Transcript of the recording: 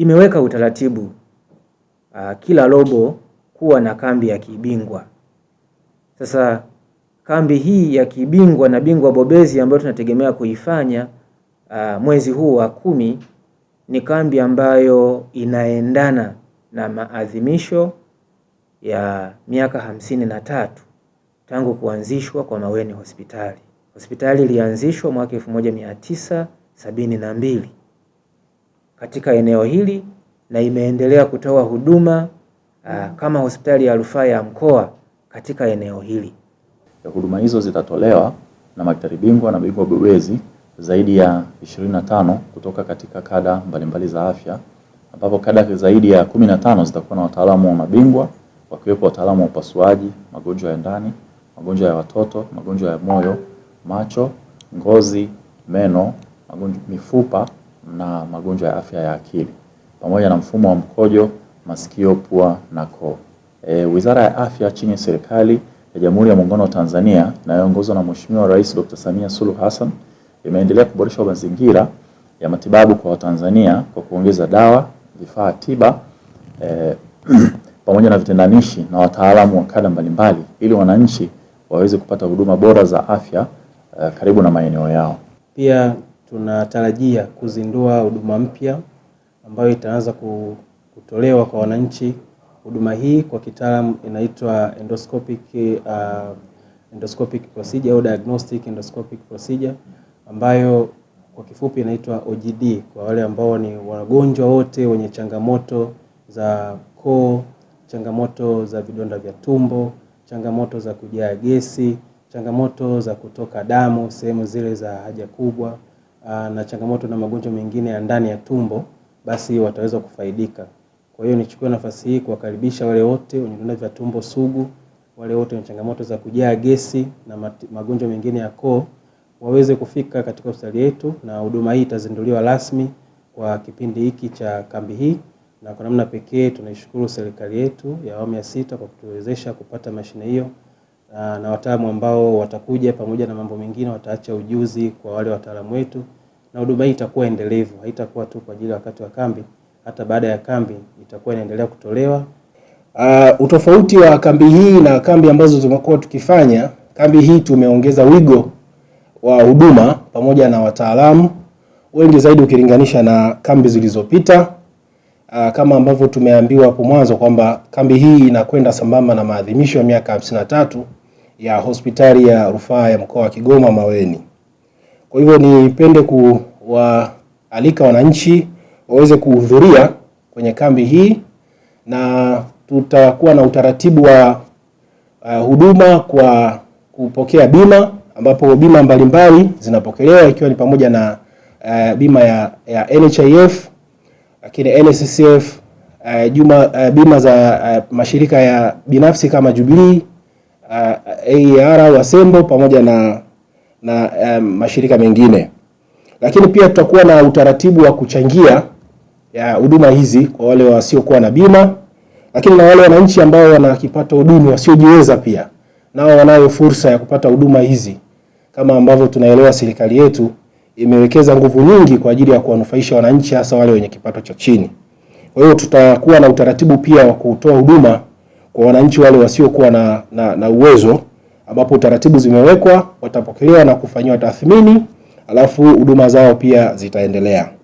imeweka utaratibu uh, kila robo kuwa na kambi ya kibingwa. Sasa kambi hii ya kibingwa na bingwa bobezi ambayo tunategemea kuifanya uh, mwezi huu wa kumi ni kambi ambayo inaendana na maadhimisho ya miaka hamsini na tatu tangu kuanzishwa kwa Maweni hospitali. Hospitali ilianzishwa mwaka elfu moja mia tisa sabini na mbili katika eneo hili na imeendelea kutoa huduma uh, kama hospitali ya rufaa ya mkoa katika eneo hili. Huduma hizo zitatolewa na madaktari bingwa na bingwa bobezi zaidi ya 25 kutoka katika kada mbalimbali mbali za afya, ambapo kada zaidi ya 15 zitakuwa na wataalamu wa mabingwa wakiwepo wataalamu wa upasuaji, magonjwa ya ndani, magonjwa ya watoto, magonjwa ya moyo, macho, ngozi, meno, magonjwa mifupa na magonjwa ya afya ya akili pamoja na mfumo wa mkojo, masikio, pua na koo. E, Wizara ya Afya chini ya serikali ya Jamhuri ya Muungano wa Tanzania inayoongozwa na Mheshimiwa Rais Dr. Samia Suluhu Hassan imeendelea kuboresha mazingira ya matibabu kwa Watanzania kwa kuongeza dawa, vifaa tiba e, pamoja na vitendanishi na wataalamu wa kada mbalimbali ili wananchi waweze kupata huduma bora za afya e, karibu na maeneo yao. Pia tunatarajia kuzindua huduma mpya ambayo itaanza kutolewa kwa wananchi. Huduma hii kwa kitaalamu inaitwa endoscopic, uh, endoscopic procedure au diagnostic endoscopic procedure ambayo kwa kifupi inaitwa OGD kwa wale ambao ni wagonjwa wote wenye changamoto za koo, changamoto za vidonda vya tumbo, changamoto za kujaa gesi, changamoto za kutoka damu sehemu zile za haja kubwa. Ah, na changamoto na magonjwa mengine ya ndani ya tumbo, basi wataweza kufaidika. Kwa hiyo nichukue nafasi hii kuwakaribisha wale wote wenye vidonda vya tumbo sugu, wale wote wenye changamoto za kujaa gesi na magonjwa mengine ya koo waweze kufika katika hospitali yetu, na huduma hii itazinduliwa rasmi kwa kipindi hiki cha kambi hii. Na kwa namna pekee tunaishukuru serikali yetu ya awamu ya sita kwa kutuwezesha kupata mashine hiyo. Ah, na wataalamu ambao watakuja pamoja na mambo mengine, wataacha ujuzi kwa wale wataalamu wetu, na huduma hii itakuwa endelevu, haitakuwa tu kwa ajili ya wakati wa kambi, hata baada ya kambi itakuwa inaendelea kutolewa. Uh, utofauti wa kambi hii na kambi ambazo tumekuwa tukifanya, kambi hii tumeongeza wigo wa huduma pamoja na wataalamu wengi zaidi ukilinganisha na kambi zilizopita. Uh, kama ambavyo tumeambiwa hapo mwanzo kwamba kambi hii inakwenda sambamba na maadhimisho ya miaka hamsini na tatu ya hospitali ya rufaa ya mkoa wa Kigoma Maweni. Kwa hivyo nipende kuwaalika wananchi waweze kuhudhuria kwenye kambi hii na tutakuwa na utaratibu wa uh, huduma kwa kupokea bima ambapo bima mbalimbali zinapokelewa ikiwa ni pamoja na uh, bima ya, ya NHIF lakini NSSF uh, juma uh, bima za uh, mashirika ya binafsi kama Jubilee uh, AR e wasembo pamoja na, na um, mashirika mengine, lakini pia tutakuwa na utaratibu wa kuchangia huduma hizi kwa wale wasiokuwa na bima, lakini na wale wananchi ambao wana kipato duni wasiojiweza, pia nao wanayo fursa ya kupata huduma hizi, kama ambavyo tunaelewa serikali yetu imewekeza nguvu nyingi kwa ajili ya kuwanufaisha wananchi, hasa wale wenye kipato cha chini. Kwa hiyo tutakuwa na utaratibu pia wa kutoa huduma kwa wananchi wale wasiokuwa na, na, na uwezo ambapo taratibu zimewekwa watapokelewa na kufanyiwa tathmini, alafu huduma zao pia zitaendelea.